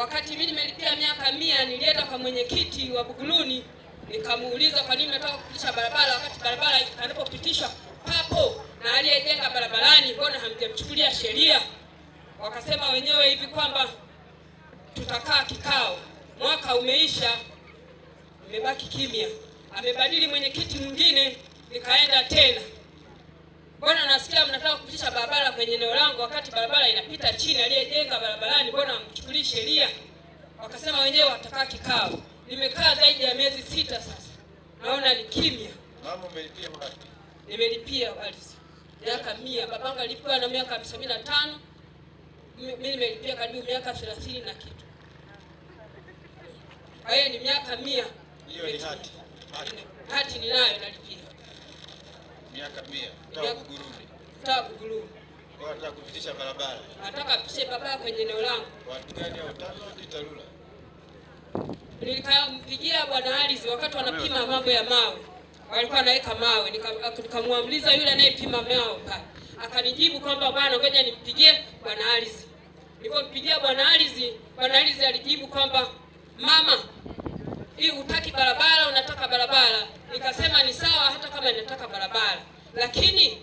Wakati mimi nimelipia miaka mia, nilienda kwa mwenyekiti wa Buguruni nikamuuliza kwa nini nataka kupitisha barabara wakati barabara anapopitishwa papo na aliyejenga barabarani, mbona hamjamchukulia sheria? Wakasema wenyewe hivi kwamba tutakaa kikao. Mwaka umeisha, imebaki kimya. Amebadili mwenyekiti mwingine, nikaenda tena Mbona nasikia mnataka kupitisha barabara kwenye eneo langu wakati barabara inapita chini, aliyejenga barabarani, mbona hamchukulii sheria? Wakasema wenyewe watakaa kikao. Nimekaa zaidi ya miezi sita sasa, naona ni kimya. Nimelipia miaka mia, babangu alikuwa na miaka sabini na tano mimi nimelipia karibu miaka thelathini na kitu. Kwa hiyo ni miaka mia, hati ninayo nalipia miaka mia tangu Burundi, tangu Burundi. Wanataka kupitisha barabara, nataka apitishe barabara kwenye eneo langu. Watu gani hao? TANROADS, TARURA. Nikampigia bwana Alizi wakati wanapima mambo ya mawe, walikuwa anaweka mawe, nikamwamliza yule anayepima mawe pale, akanijibu kwamba bwana, ngoja nimpigie bwana Alizi. Nilipompigia bwana Alizi, bwana Alizi alijibu kwamba mama hii hutaki barabara, unataka barabara. Nikasema ni sawa, hata kama ninataka barabara, lakini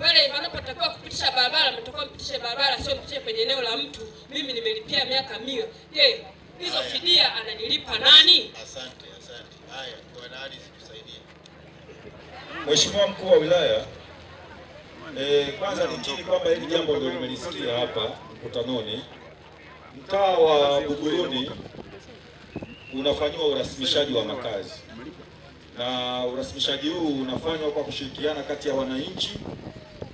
pale wanapotakiwa kupitisha barabara, mtakuwa mpitishe barabara, sio mpitishe kwenye eneo la mtu. Mimi nimelipia miaka mia. Je, hizo fidia ananilipa nani? Asante, asante. Haya, kwa nani sikusaidia? Mheshimiwa mkuu wa wilaya, eh, kwanza nikiri kwamba hili jambo ndio nimelisikia hapa mkutanoni, mtaa wa Buguruni unafanyiwa urasimishaji wa makazi, na urasimishaji huu unafanywa kwa kushirikiana kati ya wananchi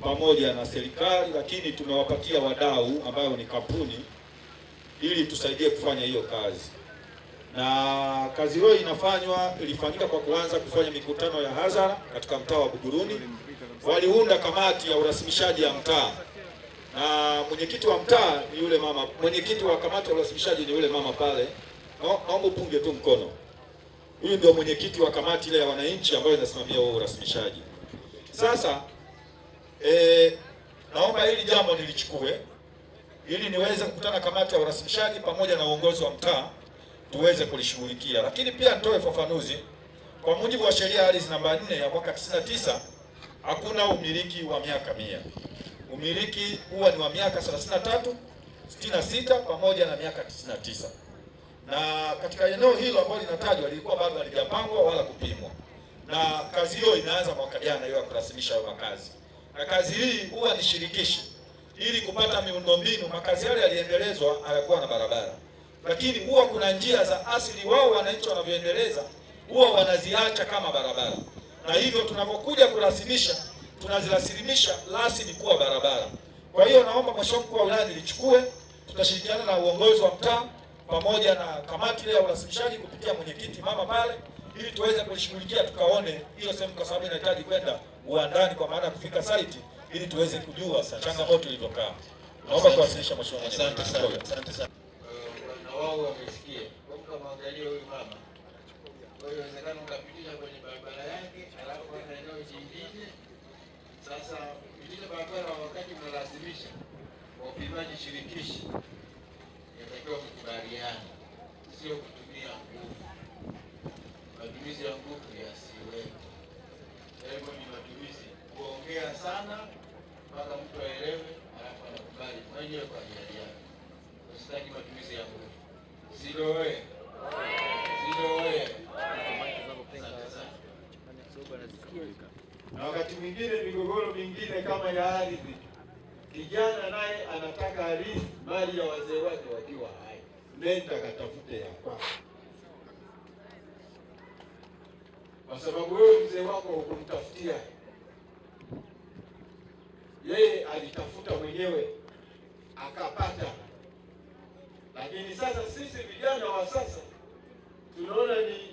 pamoja na serikali, lakini tumewapatia wadau ambayo ni kampuni ili tusaidie kufanya hiyo kazi. Na kazi hiyo inafanywa ilifanyika kwa kuanza kufanya mikutano ya hadhara katika mtaa wa Buguruni. Waliunda kamati ya urasimishaji ya mtaa na mwenyekiti wa mtaa ni yule mama, mwenyekiti wa kamati ya urasimishaji ni yule mama pale naomba upunge tu mkono. Huyu ndio mwenyekiti wa kamati ile ya wananchi ambayo inasimamia huo urasimishaji. Sasa e, naomba hili jambo nilichukue ili niweze kukutana kamati ya urasimishaji pamoja na uongozi wa mtaa tuweze kulishughulikia, lakini pia nitoe fafanuzi. Kwa mujibu wa sheria ya ardhi namba 4 ya mwaka 99 hakuna umiliki wa miaka mia. Umiliki huwa ni wa miaka 33, 66 pamoja na miaka 99 na katika eneo hilo ambalo linatajwa lilikuwa bado halijapangwa wala kupimwa, na kazi hiyo inaanza mwaka jana, hiyo ya kurasimisha hayo makazi, na kazi hii huwa ni shirikishi ili kupata miundombinu. Makazi yale yaliendelezwa, hayakuwa na barabara, lakini huwa kuna njia za asili wao wananchi wanavyoendeleza huwa wanaziacha kama barabara, na hivyo tunapokuja kurasimisha tunazirasimisha rasmi kuwa barabara. Kwa hiyo naomba Mheshimiwa Mkuu wa Wilaya nilichukue, tutashirikiana na uongozi wa mtaa pamoja na kamati ya urasimishaji kupitia mwenyekiti mama pale, ili tuweze kuishughulikia tukaone hiyo sehemu, kwa sababu inahitaji kwenda uandani, kwa maana ya kufika site, ili tuweze kujua changamoto ilivyokaa. Naomba kuwasilisha mheshimiwa. Asante sana, asante sana. Na wao wamesikia, mwangalie huyu mama inawezekana ukapitisha kwenye barabara yake, alafu eneo jingine. Sasa barabara wakati mnalazimisha wapimaji shirikishi inatakiwa majadiliano, sio kutumia nguvu. Matumizi ya nguvu yasiwepo. Hivyo ni matumizi kuongea sana mpaka mtu aelewe, alafu anakubali mwenyewe kwa ajili yake. Usitaki matumizi ya nguvu. Siloe siloe. Na wakati mwingine migogoro mingine kama ya ardhi, kijana naye anataka ardhi mali ya wazee wake wakiwa hai nenda katafute ya kwako, kwa sababu wewe mzee wako hukumtafutia yeye, alitafuta mwenyewe akapata. Lakini sasa sisi vijana wa sasa tunaona ni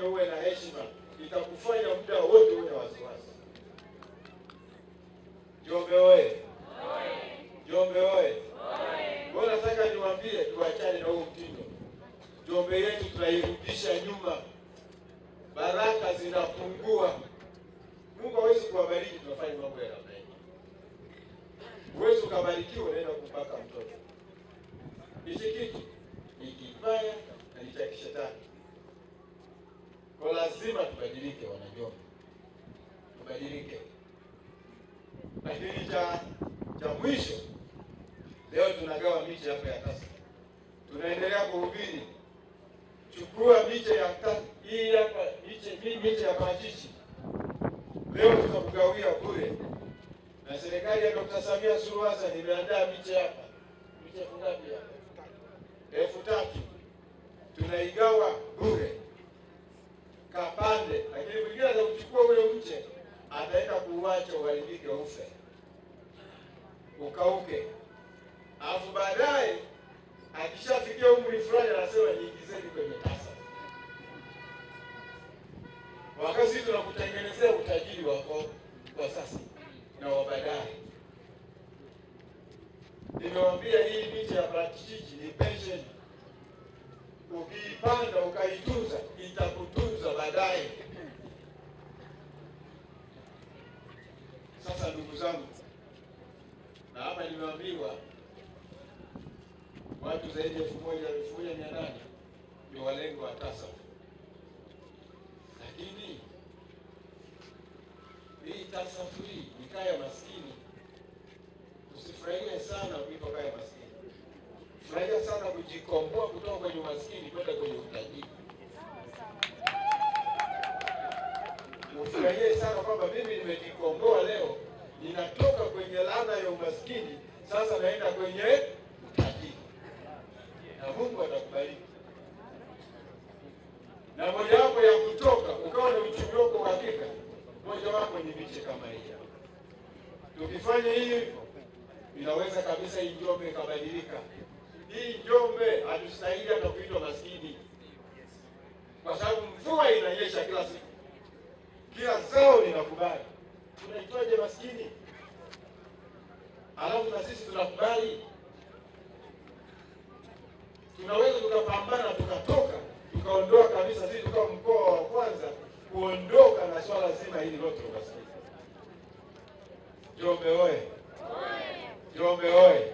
itakufanya uwe na heshima, itakufanya muda wote uwe na wasiwasi. Njombe oye! Njombe oye! Kwa nataka niwaambie, tuachane na huo mtindo. Njombe yetu tunairudisha nyuma, baraka zinapungua. Mungu hawezi kuwabariki, tunafanya mambo ya namna hii. Huwezi ukabarikiwa unaenda kumpaka mtoto. Hichi kitu ni kibaya na ni cha kishetani tubadilike, wanajomba, tubadilike. Lakini cha cha mwisho leo tunagawa miche hapa ya tasa, tunaendelea kuhubiri, chukua miche ya hii hapa, miche miche ya parachichi leo tunakugawia bure, na serikali ya dokta Samia Suluhu Hassan imeandaa miche hapa, miche ngapi hapa? elfu tatu tunaigawa bure kapande, lakini mwingine atakuchukua ule mche ataenda kuuacha uharibike, ufe, ukauke, alafu baadaye akishafikia umri fulani anasema niingizeni kwenye tasa, wakati sisi tunakutengenezea utajiri wako kwa sasa na wa baadaye. Nimewambia hii miche ya parachichi ni pensheni, ukiipanda ukaitunza itakutu baadaye. Sasa ndugu zangu, na hapa nimeambiwa watu zaidi ya elfu moja elfu moja mia nane ni walengo wa TASAF, lakini hii TASAF hii ni kaya maskini. Usifurahie sana kuitwa kaya maskini, furahia sana kujikomboa kutoka kwenye umaskini kwenda kwenye utajiri. Nifurahie sana kwamba mimi nimejikomboa leo, ninatoka kwenye laana ya umaskini, sasa naenda kwenye utajiri, na Mungu atakubariki. Na mojawapo ya kutoka ukawa na uchumi wako uhakika, mojawapo ni miche kama hii. Tukifanya hivyo inaweza kabisa hii Njombe ikabadilika. Hii Njombe hatustahili hata kuitwa maskini, kwa sababu mvua inanyesha kila siku kila zao linakubali. Tunaitwaje maskini alafu na sisi tunakubali? Tunaweza tukapambana tukatoka tukaondoa kabisa, sisi tukawa mkoa wa kwanza kuondoka na swala zima hili lote umaskini. Njombe oye! Njombe oye!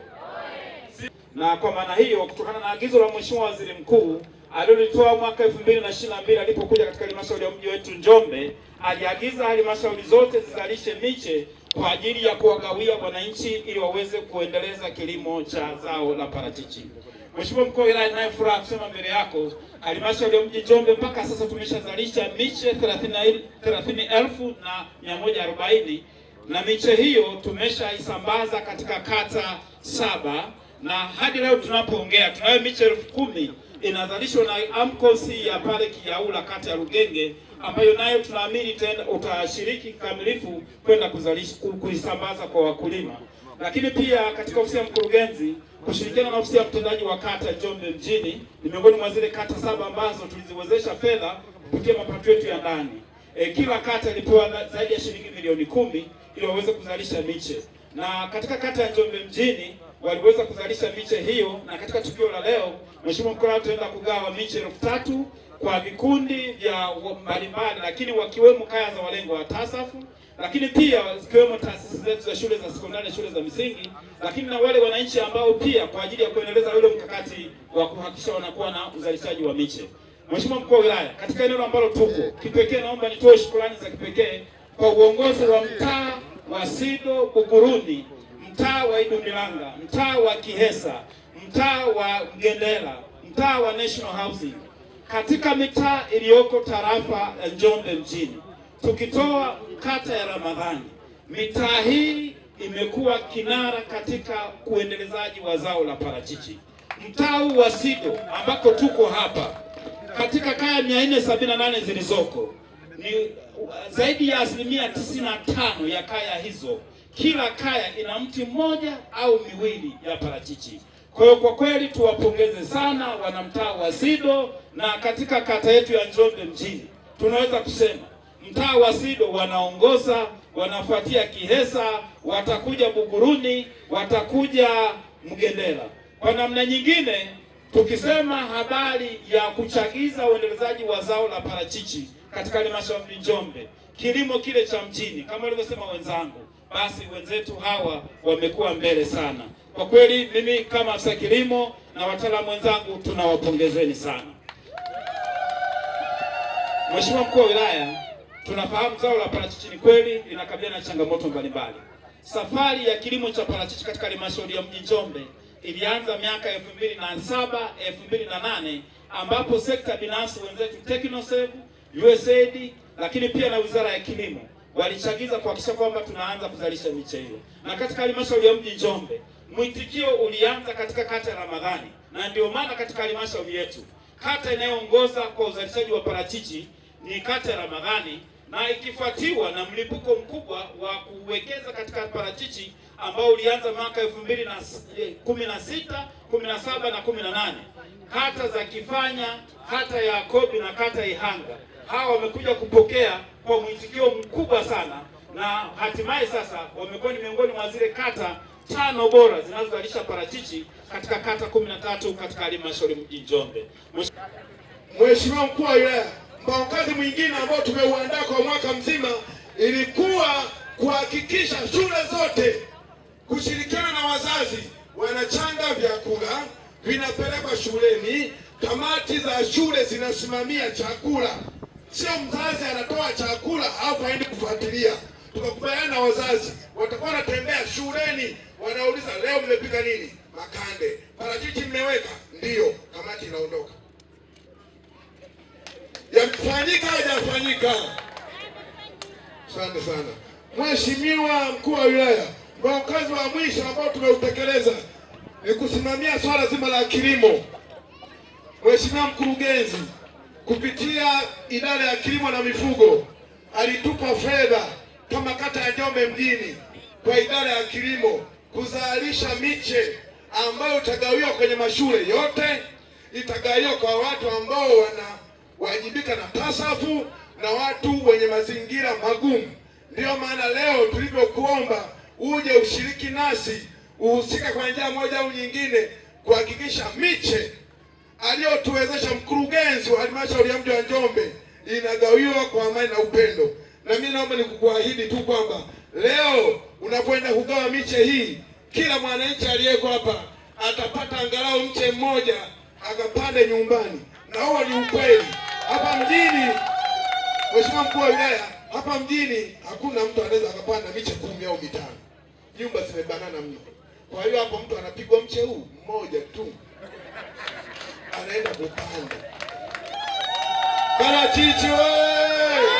na kwa maana hiyo, kutokana na agizo la Mheshimiwa Waziri Mkuu alilitoa mwaka 2022 alipokuja katika halmashauri ya mji wetu Njombe, aliagiza halmashauri zote zizalishe miche kwa ajili ya kuwagawia wananchi ili waweze kuendeleza kilimo cha zao la parachichi. Mheshimiwa mkuu wa wilaya, ninayo furaha kusema mbele yako halmashauri ya mji Njombe mpaka sasa tumeshazalisha miche 30,140 na miche hiyo tumeshaisambaza katika kata saba, na hadi leo tunapoongea tunayo miche elfu kumi inazalishwa na AMCOS ya pale Kiaula kata ya Rugenge, ambayo nayo tunaamini tena utashiriki kikamilifu kwenda kuisambaza kwa wakulima. Lakini pia katika ofisi ya mkurugenzi kushirikiana na ofisi ya mtendaji wa kata Njombe mjini ni miongoni mwa zile kata saba ambazo tuliziwezesha fedha kupitia mapato yetu ya ndani. E, kila kata ilipewa zaidi ya shilingi milioni kumi ili waweze kuzalisha miche, na katika kata ya Njombe mjini waliweza kuzalisha miche hiyo, na katika tukio la leo Mheshimiwa mkuu tutaenda kugawa miche elfu tatu kwa vikundi vya mbalimbali, lakini wakiwemo kaya za walengo wa TASAFU, lakini pia zikiwemo taasisi zetu za shule za sekondari, shule za misingi, lakini na wale wananchi ambao pia kwa ajili ya kuendeleza ule mkakati wa kuhakikisha wanakuwa na uzalishaji wa miche. Mheshimiwa mkuu wa wilaya, katika eneo ambalo tuko kipekee, naomba nitoe shukrani za kipekee kwa uongozi wa mtaa wa Sido Buguruni, mtaa wa Idumilanga, mtaa wa Kihesa mtaa wa Mgendela, mtaa wa National Housing, katika mitaa iliyoko tarafa ya Njombe mjini, tukitoa kata ya Ramadhani, mitaa hii imekuwa kinara katika kuendelezaji wa zao la parachichi. Mtaa wa Sido ambako tuko hapa, katika kaya 478 zilizoko ni zaidi ya asilimia 95 ya kaya hizo, kila kaya ina mti mmoja au miwili ya parachichi. Kwa hiyo kwa kweli tuwapongeze sana wanamtaa wa SIDO na katika kata yetu ya Njombe mjini tunaweza kusema mtaa wa SIDO wanaongoza, wanafuatia Kihesa, watakuja Buguruni, watakuja Mgendela. Kwa namna nyingine, tukisema habari ya kuchagiza uendelezaji wa zao la parachichi katika halmashauri Njombe, kilimo kile cha mjini, kama walivyosema wenzangu, basi wenzetu hawa wamekuwa mbele sana. Kwa kweli mimi kama afisa kilimo na wataalamu wenzangu tunawapongezeni sana. Mheshimiwa mkuu wa wilaya, tunafahamu zao la parachichi ni kweli linakabiliana na changamoto mbalimbali. Safari ya kilimo cha parachichi katika halmashauri ya mji Njombe ilianza miaka elfu mbili na saba elfu mbili na nane ambapo sekta binafsi wenzetu TechnoServe, USAID lakini pia na wizara ya kilimo walichagiza kuhakikisha kwamba tunaanza kuzalisha miche hiyo, na katika halmashauri ya mji Njombe Mwitikio ulianza katika kata ya Ramadhani, na ndio maana katika halmashauri yetu kata inayoongoza kwa uzalishaji wa parachichi ni kata ya Ramadhani, na ikifuatiwa na mlipuko mkubwa wa kuwekeza katika parachichi ambao ulianza mwaka elfu mbili na e, kumi na sita, kumi na saba na kumi na nane kata za Kifanya, kata ya Kobi na kata ya Ihanga, hawa wamekuja kupokea kwa mwitikio mkubwa sana, na hatimaye sasa wamekuwa ni miongoni mwa zile kata tano bora zinazozalisha parachichi katika kata 13 katika halmashauri mji Njombe. Mheshimiwa mkuu wa wilaya, mpango mwingine ambao tumeuandaa kwa mwaka mzima ilikuwa kuhakikisha shule zote kushirikiana na wazazi wanachanga vyakula vinapelekwa shuleni. Kamati za shule zinasimamia chakula, sio mzazi anatoa chakula hapo aende kufuatilia tukakubaliana na wazazi, watakuwa wanatembea shuleni, wanauliza leo mmepika nini? Makande. Parachichi mmeweka? Ndiyo. Kamati inaondoka. Yamfanyika hajafanyika? Asante sana Mheshimiwa mkuu wa wilaya, kwa kazi wa mwisho ambao tumeutekeleza ni kusimamia swala zima la kilimo. Mheshimiwa mkurugenzi kupitia idara ya kilimo na mifugo alitupa fedha kama kata ya Njombe mjini kwa idara ya kilimo kuzalisha miche ambayo itagawiwa kwenye mashule yote, itagawiwa kwa watu ambao wanawajibika na tasafu na watu wenye mazingira magumu. Ndiyo maana leo tulivyokuomba uje ushiriki nasi, uhusika kwa njia moja au nyingine kuhakikisha miche aliyotuwezesha mkurugenzi wa halmashauri ya mji wa Njombe inagawiwa kwa amani na upendo. Na mimi naomba nikukuahidi tu kwamba leo unapoenda kugawa miche hii, kila mwananchi aliyeko hapa atapata angalau mche mmoja akapande nyumbani, na huo ni ukweli. Hapa mjini, Mheshimiwa mkuu wa wilaya, hapa mjini hakuna mtu anaweza akapanda miche kumi au mitano, nyumba zimebanana mno. Kwa hiyo hapo mtu anapigwa mche huu mmoja tu anaenda kupanda. Parachichi wewe